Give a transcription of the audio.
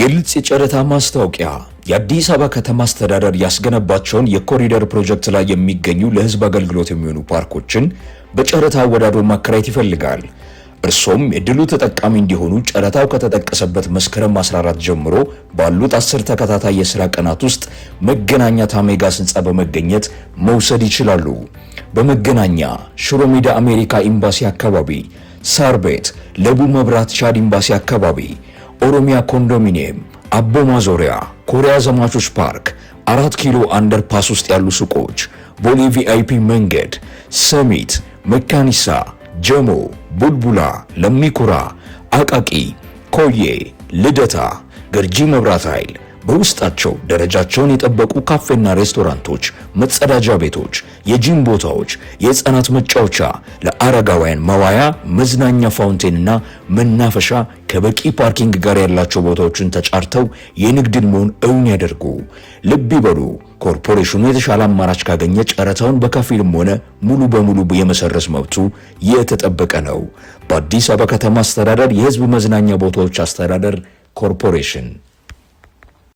ግልጽ የጨረታ ማስታወቂያ የአዲስ አበባ ከተማ አስተዳደር ያስገነባቸውን የኮሪደር ፕሮጀክት ላይ የሚገኙ ለህዝብ አገልግሎት የሚሆኑ ፓርኮችን በጨረታ አወዳድሮ ማከራየት ይፈልጋል። እርሶም የድሉ ተጠቃሚ እንዲሆኑ ጨረታው ከተጠቀሰበት መስከረም 14 ጀምሮ ባሉት አስር ተከታታይ የሥራ ቀናት ውስጥ መገናኛ ታሜጋስ ሕንፃ በመገኘት መውሰድ ይችላሉ። በመገናኛ ሽሮ ሜዳ አሜሪካ ኤምባሲ አካባቢ፣ ሳር ቤት ለቡ መብራት ቻድ ኤምባሲ አካባቢ ኦሮሚያ ኮንዶሚኒየም፣ አቦ ማዞሪያ፣ ኮሪያ ዘማቾች ፓርክ፣ አራት ኪሎ አንደርፓስ ውስጥ ያሉ ሱቆች፣ ቦሌ ቪአይፒ መንገድ፣ ሰሚት፣ መካኒሳ፣ ጀሞ፣ ቡልቡላ፣ ለሚኩራ፣ አቃቂ፣ ኮዬ፣ ልደታ፣ ገርጂ መብራት ኃይል በውስጣቸው ደረጃቸውን የጠበቁ ካፌና ሬስቶራንቶች፣ መጸዳጃ ቤቶች፣ የጂም ቦታዎች፣ የህፃናት መጫወቻ፣ ለአረጋውያን መዋያ፣ መዝናኛ፣ ፋውንቴንና መናፈሻ ከበቂ ፓርኪንግ ጋር ያላቸው ቦታዎችን ተጫርተው የንግድን መሆን እውን ያደርጉ። ልብ ይበሉ። ኮርፖሬሽኑ የተሻለ አማራጭ ካገኘ ጨረታውን በከፊልም ሆነ ሙሉ በሙሉ የመሰረዝ መብቱ የተጠበቀ ነው። በአዲስ አበባ ከተማ አስተዳደር የህዝብ መዝናኛ ቦታዎች አስተዳደር ኮርፖሬሽን